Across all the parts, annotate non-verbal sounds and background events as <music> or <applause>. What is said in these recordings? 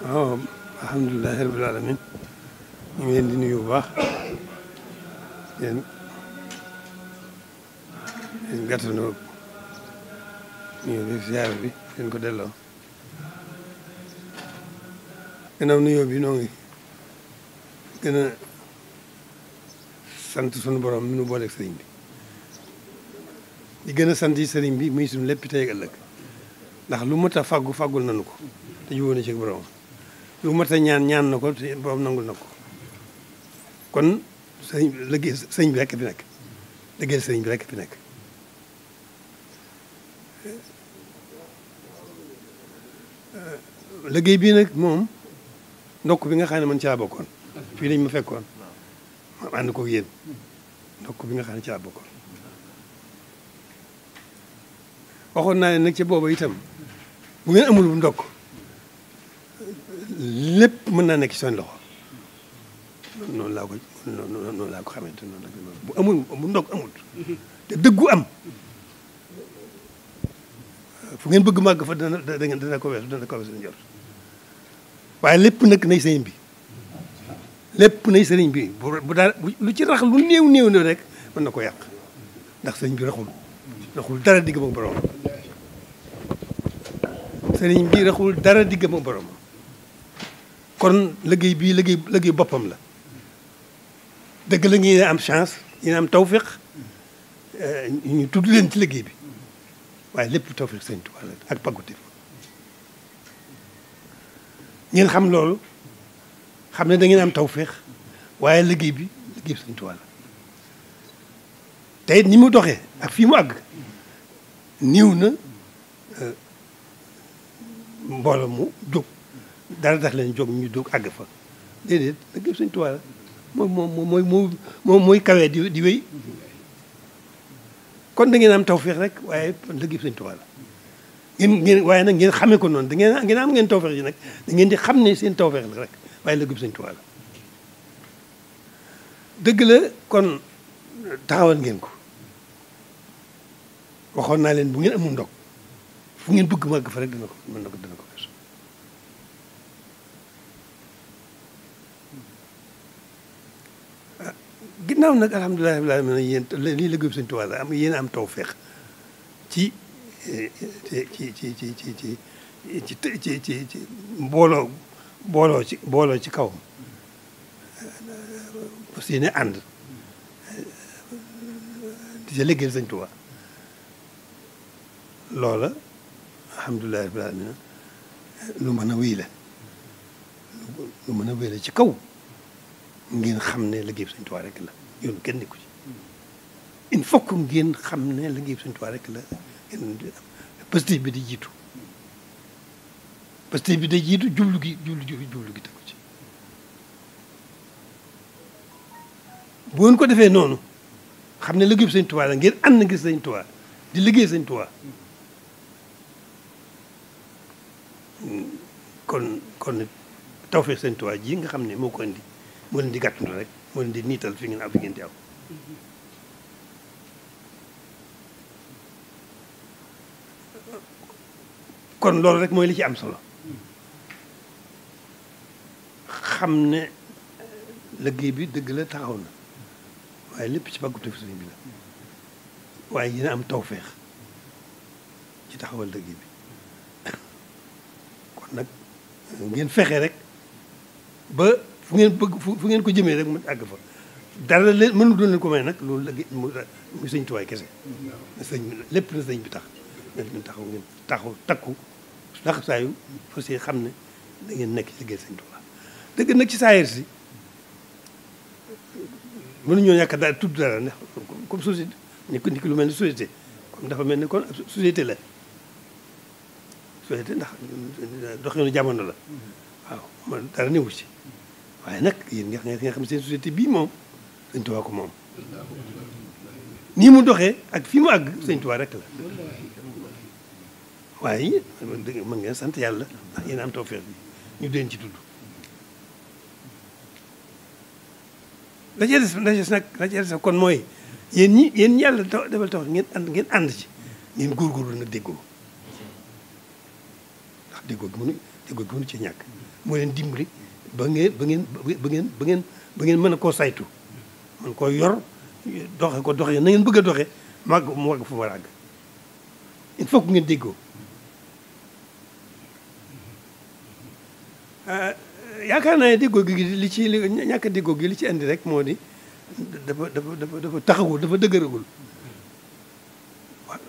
waaw alhamdulilahi rabil alamin ñu ngi leen di nuyu bu baax yéen yéen gàttanoo nuyoo bi ziyaara bi leen ko delloo gannaaw nuyoo bi noo gën a sant sunu borom mi nu booleeg sëriñ bi di gën a sant yi sëriñ bi muy suñu lépp tey ak ëllëg ndax lu mu tax fàggu fàggul nanu ko te jubóo na ci borom lu mat a ñaan ñaan na ko te boobu nangul na ko kon sëñ liggéey sëñ bi rekk fi sëñ bi rekk fi nekk eh, liggéey bii nag moom ndokk bi nga xam ne man caa bokkoon fii lañ ma fekkoon ma ànd ko yéen ndokk bi nga xam ne caa bokkoon waxoon naa ne nag ci booba itam bu ngeen amul bu ndokk lépp mën naa nekk ci seen loxo noonu laa ko noonu laa ko xamante noonu bu amul bu ndog amul te dëggu am fu ngeen bëgg màgg fa dana dana ko weesu dana ko weesu njor waaye lépp nag nay sëriñ bi lépp nay sëriñ bi bu daal lu ci rax lu néew néew néew rek mën na ko yàq ndax sëriñ bi raxul raxul dara digg ak borom sëriñ bi raxul dara digg ak borom kon liggéey bii liggéey liggéey boppam la dëgg la ñu am chance ñu am tawféq eh, ñu tudd leen ci liggéey bi waaye lépp tawféq Sëñ Tuubaa la ak pagute ngeen xam loolu xam ne da ngeen am tawféq waaye liggéey bi liggéey bi Sëñ ni mu doxee ak fii mu àgg niiw na eh, mbooloo mu jóg dara tax leen jóg ñu dugg àgg fa déedéet nag yëpp Sëñ Tuubaa la mooy mooy mooy mooy mooy kawee di di wéy kon da ngeen am tawféex rek waaye lëg yëpp Sëñ Tuubaa la ngeen ngeen waaye nag ngeen xamee ko noonu da ngeen ngeen am ngeen tawféex ji nag da ngeen di xam ne seen tawféex la rek waaye lëg yëpp Sëñ Tuubaa la dëgg la kon taxawal ngeen ko waxoon naa leen bu ngeen amul ndog fu ngeen bëgg màgg fa rek dina ko mën na ko dina ko gis ginnaaw nag alhamdulilah rabbil alamin yéen lii liggéeyu la am yéen am tawfeex ci ci ci ci ci ci ci ci mbooloo booloo ci booloo ci kawam parce que yéen ànd di sa liggéeyal Sëñ loola alhamdulilah rabbil lu mën a wéy lu mën a wéy ci kaw ngeen xam ne liggéey Sëñ Tuubaa rek la yoon kenn ni ko ci il faut ngeen xam ne la ngay Sëñ Tuubaa rek la ngeen positif bi di jiitu positif bi day jiitu jublu gi jublu jublu gi tegu ci bu ngeen ko defee noonu xam ne liggéey Sëñ Tuubaa la ngeen ànd na ngir Sëñ Tuubaa di liggéey Sëñ Tuubaa kon kon tawfeex Sëñ Tuubaa jii nga xam ne moo ko indi moo leen di gàttandu rek moo leen di niital fi ngeen am fi ngeen di am kon loolu rek mooy li ci am solo xam ne liggéey bi dëgg la taxaw na waaye lépp ci bàggu tëf sëriñ bi la waaye yéen am tawféex ci taxawal liggéey bi kon nag ngeen fexe rek fu ngeen bëgg fu ngeen ko jëmee rek mu àgg fa dara mënu doon ko may nag loolu la mu sëñ tuwaay kese sëñ lépp na sëñ bi tax ngeen ngeen taxaw ngeen taxaw takku ndax saa saayu fas yéene xam ne da nekk ci liggéey sëñ tuwaay dëgg nag ci saayir si mënuñoo ñàkk daal tudd dara ndax comme société ni ko lu mel ni société comme dafa mel ni kon société la société ndax dox yoonu jamono la mm-hmm. waaw man dara newu ci waaye nag yéen nga xam ne seen société bii moom sëñ Tuubaa ko moom nii mu doxee ak fi mu àgg sëñ Tuubaa rek la waaye mën ngeen sant yàlla ndax yéen am tawfeex bi ñu deen ci tudd la ca des la nag la kon mooy yéen ñi yéen ñi yàlla defal ngeen ànd ngeen ànd ci ngeen góorgóorlu nag déggoo ndax déggoo gi mënu déggoo ci ñàkk moo leen dimbali ba ngeen ba ngeen ba ngeen ba ngeen ba ngeen mën a koo saytu mën ko yor doxe ko doxe na ngeen bëgg a doxe màgg mu wàgg fu mu war a àgg il faut que ngeen déggoo euh, yaakaar naa ne déggoo gi li ci li ñàkk déggoo gi li ci indi rek moo di dafa dafa dafa dafa dafa dëgëragul waaw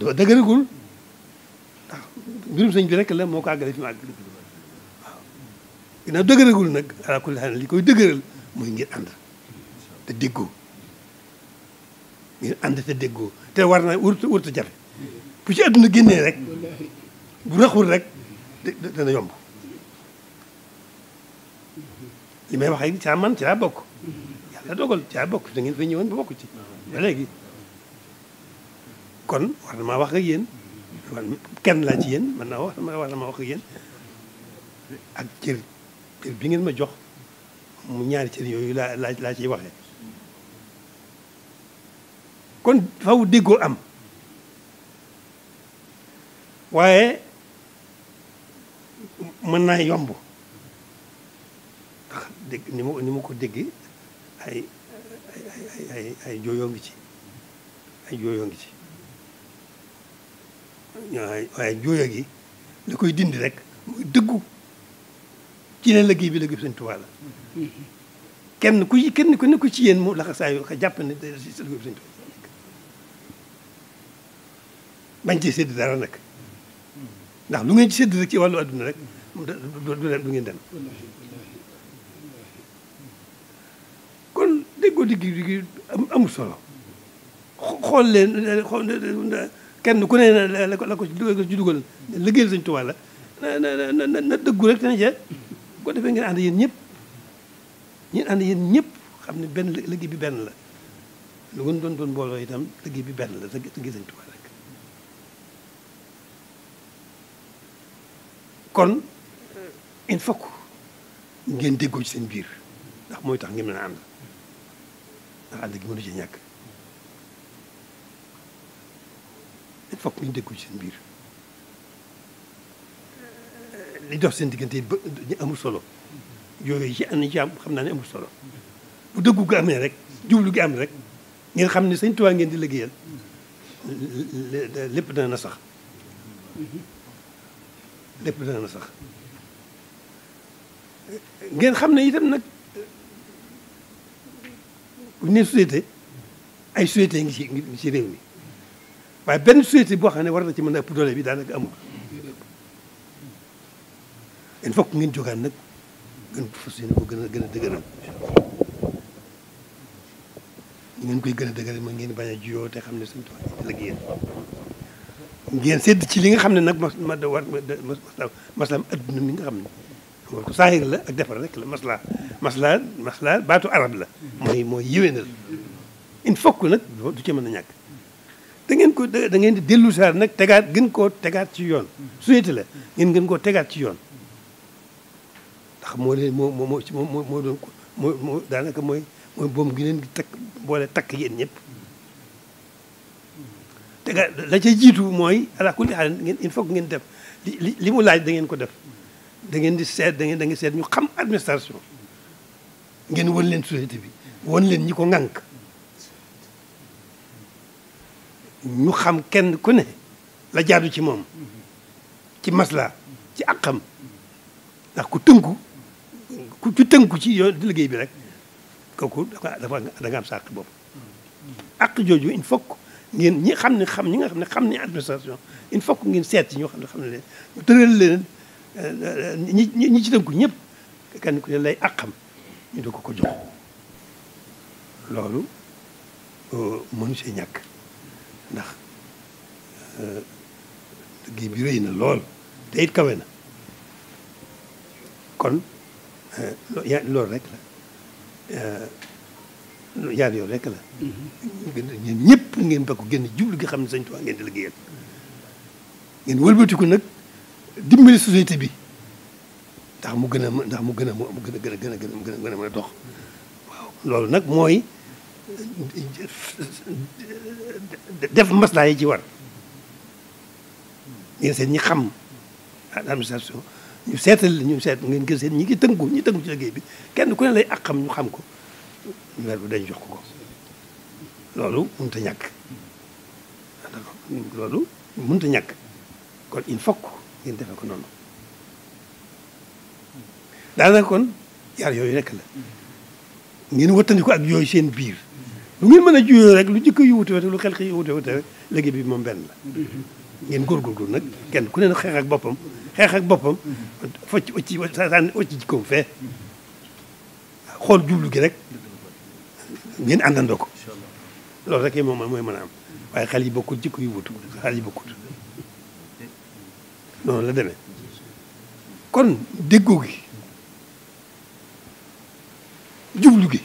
dafa dëgëragul ndax mbirum sëñ bi rek la moo ko àggale fi mu àggale fi ginnaaw dëgëragul nag ala kulli li koy dëgëral muy ngir ànd te déggoo ngir ànd te déggoo te war na wurt wurta jafe bu ci génnee rek bu raxul rek dana yomb li may wax ak caa man ci laa bokk yàlla dogal caa bokk da ngeen fay ñëwoon ba bokk ci léegi kon war na maa wax a yéen kenn laa ci yéen man naa wax war na maa wax ak yéen ak cër cër bi ngeen ma jox mu ñaari cër yooyu laa laa laa ciy waxee kon faw déggoo am waaye mën naa yomb ndax ni ma ko dégg ay ay ay jooyoo ngi ci ay jooyoo ngi ci waaye jooyo gi la koy dindi rek muy dëggu ci la liggéey bi la Sëñ Tuubaa la kenn ku kenn ku nekk ci yéen mu laxasaayu xa jàpp ne da si liggéey Sëñ Tuubaa bañ ci sédd dara nag ndax lu ngeen ci sédd rek ci wàllu adduna rek du ngeen dem kon déggoo diggi diggi amul solo xool leen xool kenn ku ne la ko la ko ci dugal liggéeyal Sëñ Tuubaa la na na na dëggu rek dana jeex ko defee ngeen ànd yéen ñëpp ñeen ànd yéen ñëpp xam ne benn liggéey bi benn la lu gën doon doon mbooloo itam liggéey bi benn la te ngi Sëñ kon il faut ngeen déggoo ci seen biir ndax mooy tax ngeen mën a ànd ndax ànd gi mënu ci ñàkk il faut que ñu ci seen biir li dox seen diggante ba ñu amul solo yooyu ci am nañ ci am xam naa ne amul solo bu dëggu gi amee rek jublu gi am rek ngeen xam ne sëñ Tuubaa ngeen di liggéeyal lépp dana na sax lépp dana na sax ngeen xam ne itam nag bu ñu nee société ay société ngi ci ngi ci réew mi waaye benn société boo xam ne war na ci mën a ëpp doole bi daanaka amul il faut ngeen jógaan nag gën fas yéene ko gën a gën a dëgëral ngeen koy gën a dëgëral mooy ngeen bañ a te xam ne suñu tubaab la yéen ci li nga xam ne nag ma adduna mi nga la ak rek la maslaa maslaa maslaa baatu arab la mooy mooy yéwénal il mën a ñàkk da ngeen ko da ngeen di dellu saar nag tegaat gën koo tegaat ci yoon société la ngeen gën koo tegaat ci yoon ndax moo leen moo moo moo moo moo doon moo moo daanaka mooy mooy boom gi leen di takk boole takk yéen ñëpp. te la ca jiitu mooy ala kulli xaal ngeen il ngeen def li li mu laaj da ngeen ko def da ngeen di seet da ngeen da seet ñu xam administration ngeen won leen société bi won leen ñi ko ŋànk ñu xam kenn ku ne la jaadu ci moom ci masla ci àqam ndax ku tënku ku ci tënku ci yoon liggéey bi rek kooku dafa da nga am sa àq bopp. àq jooju il faut que ñi xam ne xam ñi nga xam ne xam ne administration il faut que seet si xam ne xam ne leen ñu tëral leen ñi ñi ci tënku ñëpp kenn ku ne lay àqam ñu doog ko ko jox loolu euh, mënu see ñàkk ndax euh, liggéey bi rëy na lool te it kawe kon. Eh, loolu rek la eh, yaar yow rek la ñun ñëpp ngeen bakku génn jublu gi xam ne Sëñ Tuubaa ngeen di liggéeyal ngeen wëlbatiku nag dimbali société bi ndax mu gën a ndax mu gën a mu gën a gën a gën a gën a gën a mën a dox waaw loolu nag mooy eh, def maslaa yi ci war yéen seen ñi xam administration ñu seetal li ñu seet ngeen gis seen ñi ngi tënku ñi tënku ci liggéey bi kenn ku ne lay ak xam ñu xam ko ñu weer bu dañ jox ko ko loolu mënut a ñàkk loolu mënut a ñàkk kon il faut que ngeen defee ko noonu daanaka kon yar yooyu rek la ngeen ko ak yooyu seen biir lu ngeen mën a juyoo rek lu jikko yu wute wute lu xel xi yu wute wute bi moom benn la ngeen góorgóorlu nag kenn ku ne nag xeex ak boppam xeex ak boppam focc occi sànni occi jikkoom fee xool jublu gi rek ngeen àndandoo ko loolu rek moom mooy mën a am waaye xel yi bokkul jikko yu wut xel yi bokkul noonu la demee kon déggoo gi jublu gi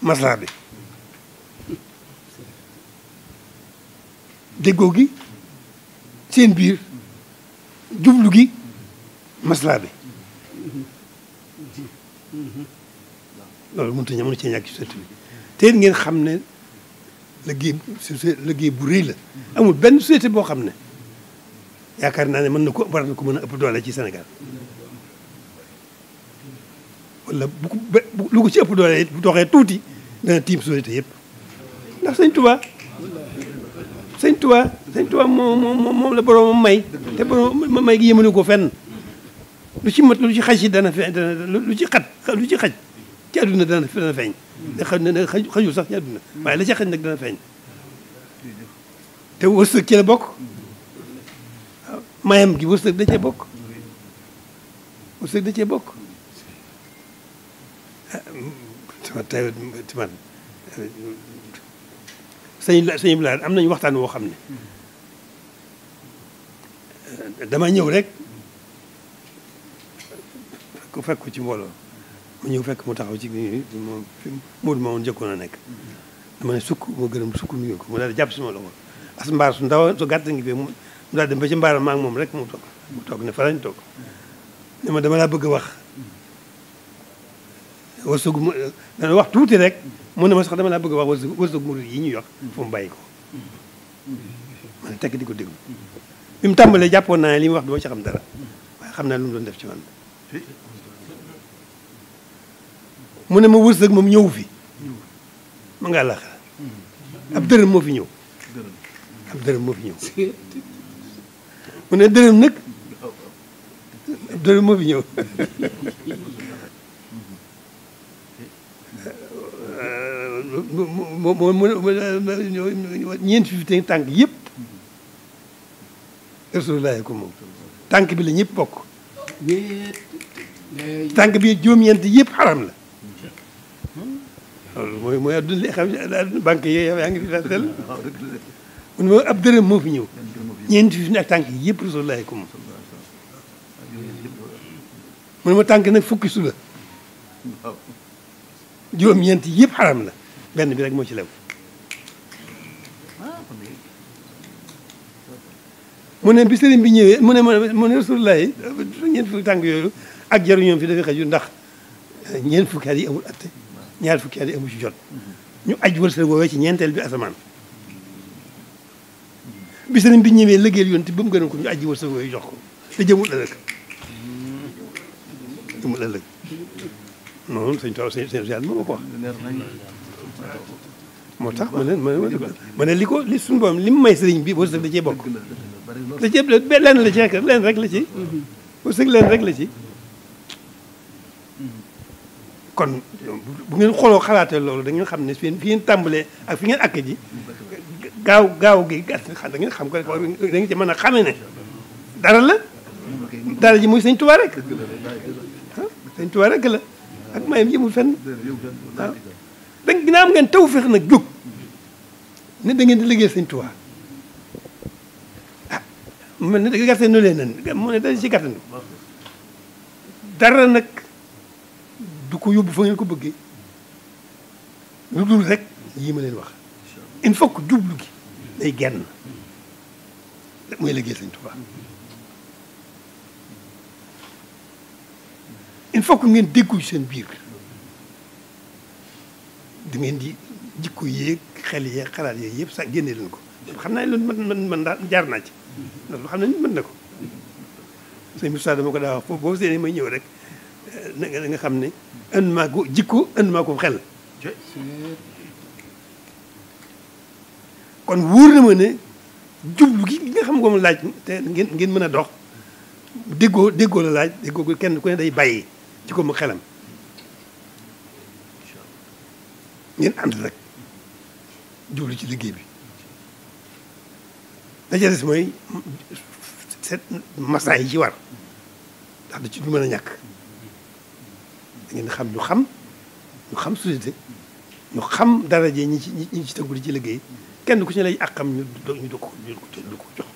maslaa bi déggoo gi seen biir jublu gi maslaa bi loolu mënut a mënut cee ñàkk ci société bi te ngeen xam ne liggéey liggéey bu rëy la amul benn société boo xam ne yaakaar naa ne mën na ko war na ko mën a ëpp doole ci Sénégal wala bu ko lu ko ci ëpp doole bu doxee tuuti dana tiim société yëpp ndax Sëñ Tuubaa sëñ Tuubaa sëñ Tuubaa moom moom la boroomam may te boroom may gi yëmale ko fenn lu ci mat lu ci xaj si dana feeñ dana lu ci xat lu ci xaj ci àdduna dana dana feeñ da xam ne xajul sax ci àdduna waaye la ci xaj nag dana feeñ te wërsëg gi wërsëg da cee bokk wërsëg da cee bokk ah, sëñ sëñ Bilal am nañu waxtaan woo xam ne euh, dama ñëw rek ku fekk ci mbooloo mu ñëw fekk mu taxaw ci moom Mourou ma woon njëkkoon a nekk. dama ne sukk ma gërëm sukk nuyu ko mu daal di jàpp suma loxo as mbaar su ndaw su gàtt ngi fi mu daal dem ba ci mbaaram maa moom rek mu toog mu toog ne fa toog ma dama laa bëgg wax. wërsëgu mu dana wax tuuti rek mu ne ma sax dama laa bëgg a yi ñuy wax fu mu bàyyi ko ma ne tekk di ko déglu bi mu tàmbalee jàppoon naa li mu wax duma ci xam dara waaye xam naa lum mu def ci man mu ne ma wërsëg moom ñëw fi ma nga àllaaxira ab dërëm moo fi ñëw ab dërëm moo fi ñëw mu ne dërëm nag ab dërëm moo fi <laughs> moo moo ñeent fi fi tànk yëpp rasulullahi ko moom tànk bi la ñëpp bokk tànk bi juróom-ñeent yëpp xaram la loolu mooy mooy yi fi daal ñeent fi fi ne tànk yëpp rasulullahi ko moom mun tànk nag fukk su la juróom-ñeent yëpp xaram la benn bi rek moo ci lew mu ne bi sëriñ bi ñëwee mu ne mu ne rasulullah yi ñeent fukki tànk yooyu ak jaru ñoom fi dafay xaju ndax ñeent fukki at yi amul atte ñaar fukki at yi amul ci jot ñu aj wërsëg woowee ci ñeenteel bi asamaan bi sëriñ bi ñëwee liggéeyal yoon te ba mu gënoon ko ñu aj wërsëg woowee jox ko te jëmul ëllëg jëmul ëllëg noonu sëñ Tuubaa sëñ Sëñ Sëñ moo ko wax moo tax ma ne ma ne li ko li suñu borom li mu may sëriñ bi wërsëg da cee bokk da cee lenn la ci rek lenn rek la ci wërsëg lenn rek la ci kon bu ngeen xooloo xalaatee loolu da xam ne fi ngeen tàmbalee ak fi ngeen akk ji gaaw gaaw gi gàtt da xam ko rek da ci mën a xamee ne dara la dara ji muy sëñ Tuubaa rek sëñ Tuubaa rek la ak mayam ji mu fenn ginnaaw am ngeen tawféex nag jóg ne da ngeen di liggéey sëñ Tuubaa ah mel ne da gàtte nu leen nan mu ne dañ ci gàttan dara nag du ko yóbbu fa ngeen ko bëggee dul rek yii ma leen wax il faut que jublu gi day genn mooy liggéey sëñ Tuubaa il faut que ngeen déggu seen biir da ngeen di jikko yéeg xel yeeg xalaat yeeg yëpp sax génne leen ko xam naa ne loolu mën mën mën daal jaar naa ci ndax lu xam ne mën na ko sëñ Moussa dama ko daa wax foofu may ñëw rek eh, na nga xam ne ënd maa ko jikko ënd maa ko xel kon wuur na ma ne jublu gi nga xam moom laaj te ngeen ngeen mën a dox déggoo déggoo la laaj déggoo ko kenn ku ne day bàyyi ci ko mu xelam ngeen ànd rek jublu ci liggéey bi la ca des mooy seet masaa yi ci war ndax ci du mën a ñàkk da ngeen xam ñu xam ñu xam société ñu xam daraje ñi ci ñi ci tëggu ci liggéey kenn ku ci ne lay àqam ñu ñu du ko du ko jox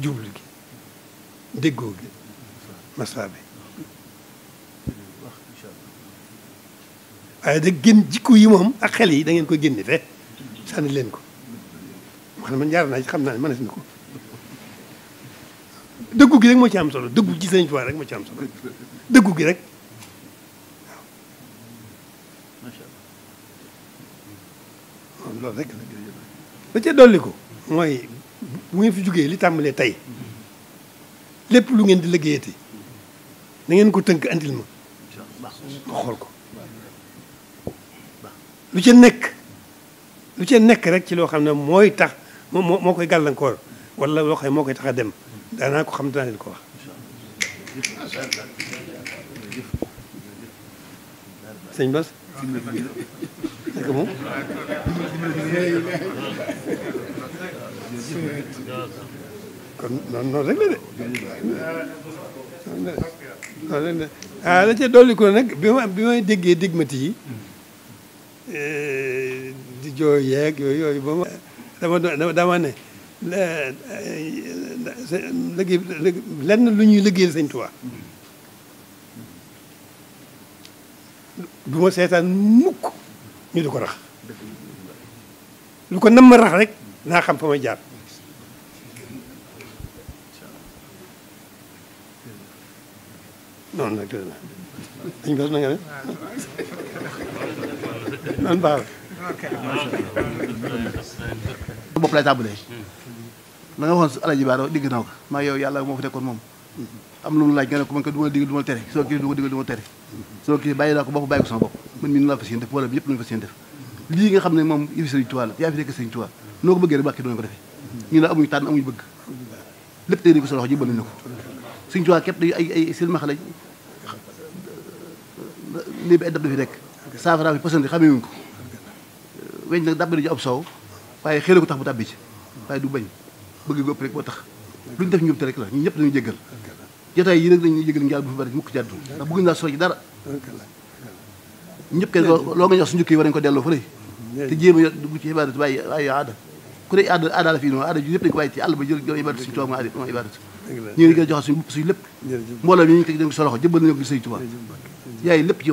jublu gi déggoo gi masaa bi waaye da génn jikko yi moom ak xel yi da ngeen koy génne fe sànni leen ko ma man naa xam naa ne mënees na ko dëggu gi rek moo ci am solo dëggu ci Sëriñ Tuubaa rek moo ci am solo dëggu gi rek waaw loolu rek la ca dolli ko mooy bu ngeen fi jógee li tàmbalee tey lépp lu ngeen di liggéeyati na ngeen ko tënk andil ma ma ko lu ca nekk lu ce nekk rek ci loo xam ne mooy tax moo moo koy gàllankoor walla loo xam moo koy tax a dem daanaa ko xam danaa leen ko noonu rek la de. noonu rek la ah la ca dolli ko nag bi ma bi may déggee digmati yi. Eh, di jooy yeeg yooyu yooyu ba ma dama dama ne liggéey lenn lu ñuy liggéeyal Sëñ Tuubaa du seetaan mukk ñu di ko rax lu ko nam rax rek naa xam fa jaar noonu nag tëdd na ne nan baal bopp lay tàmbalee la nga waxoon alaji baara digg naa ko maa yow yàlla moo fi nekkoon moom am lu mu laaj nga ne ko man ko du ma digg du ma tere soo kii du ma digg du ma tere soo kii bàyyi naa ko bopp bàyyi ko sama bopp man mii nu laa fas yéene def wala bi yëpp lu ñu fas yéene lii nga xam ne moom i sëriñ Tuubaa la yaa fi nekk sëriñ Tuubaa noo ko bëggee rek bàkki doon ko ñu ne amuñu tànn amuñu bëgg lépp tey ni ko sa loxo ji bëgg na ko sëriñ Tuubaa képp day ay ay silmaxa lañ lii bi ay dab te saafara bi posante xamee wuñ ko weñ nag dàbbali ji ab soow waaye xëy ko tax bu tàbbi ci waaye du bañ bëgg góob rek boo tax lu ñu def ñoom te rek ñëpp dañu jéggal jotaay nag dañuy jéggal njaal bu fi bari mukk ci àdduna ndax bëgguñu laa soo ci dara ñëpp kay loo nga ñox su njëkk yi war nañ ko delloo te jéem a dugg ci ibaadatu waaye ko bàyyi ci àll ba jël jël ibaadatu suñu toog ma ibaadatu ñu ngi gën a joxe suñu bopp lépp mbooloo mi ñu teg dañ soloxo yaay lépp ci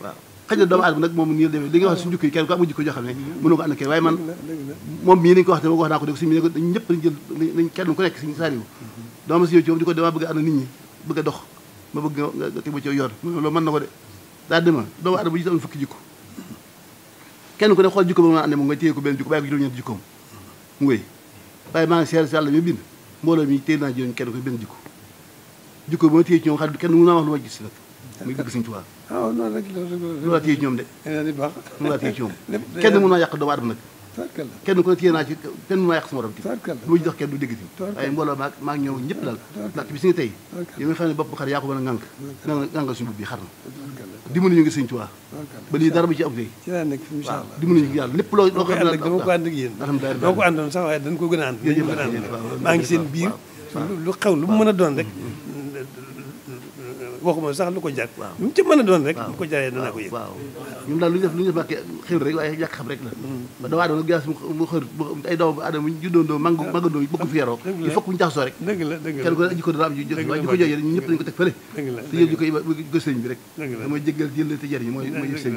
waaw xëy na doomu aadama nag moom nii la demee li nga wax suñu jukki kenn ku am nga jikko joo xam ne mënu ko ànd ak waaye man moom mii ni ko wax te ma ko wax ko dégg suñu mii ne ñëpp nañ jël nañ kenn ku ko damaa bëgg a ànd nit ñi bëgg a dox ma bëgg nga teg ma ci yoon loolu mën ko de daal dema kenn ne xool a ànd moom nga téye ko benn jikko bàyyi ko mu si yàlla téye ci ñoom xam kenn mu naa wax lu ma gis nag muy bëgg Sëñ Tuubaa. Ah, waaw noonu rek loolu laa téye ci ñoom de. Eh, di baax loolu laa téye ci ñoom. <laughs> kenn mën naa yàq doomu aadama nag. tarkalla kenn ku ne téye naa ci kenn mën a yàq sama morom. tarkalla lu ma ci dox kenn maa maa ñëpp daal. ndax bis ni xam ne bopp xar yaa ko mën a ŋànk. ŋànk suñu bopp bi xar na. dimbali ñu ngi Sëñ Tuubaa. ba lii dara bu ci am tey. ci laa nekk incha allah waaw ñu ngi yàlla lépp loo loo xam ne dama ko ànd ak ko àndoon sax waaye dañ ko gën a ànd maa ngi seen biir lu xew lu mu mën a doon rek waxuma mu ci mën a doon rek lu ko jaree danaa ko yëg waaw ñun daal lu lu ñu def bàkke xew mm. mu xër ay doomu aadama ñu juddóondoo ah. bokk fi yaroo il faut que ñu rek dëgg la dëgg jikko dana jikko jooju ñun ñëpp dañu ko teg fële te yëg jikko yi ko sëñ bi rek damay jéggal jël te jar yi mooy mooy yëf ñu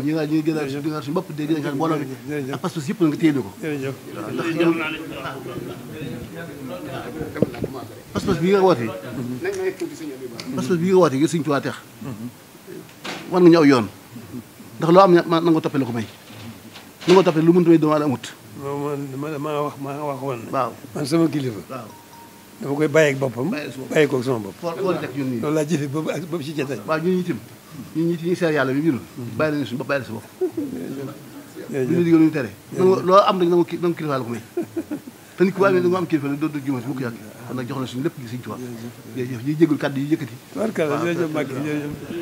ngi gën a di nga suñu bopp de di nga mbooloo bi ak pas-pas yëpp nga téye bi nga woote ngir Sëriñ Tuubaa tax war nga ñu aw yoon ndax loo am na nga toppee la ko may na nga toppee lu mënta may doomaa la amut loolu maa wax maa wax woon waaw man sama kilifa waaw dama koy bàyyi ak boppam bàyyi koog sama bopp loolu laa jëfe boobu ak boobu si jataay waaw ñun itam ñun ñi ñuy seer yàlla bi ñun bàyyi lañu suñu bopp bàyyi la sa bopp <laughs> lu ñu digal lu ñu tere loo am dañ nangu kilifa la ko may te nit ku amee da nga am kilifa nag doo doo juumati bu ko yàgg kon nag jox na suñu lépp gi Sëriñ Tuubaa jërëjëf ñuy jégul kàddu yi yëkkati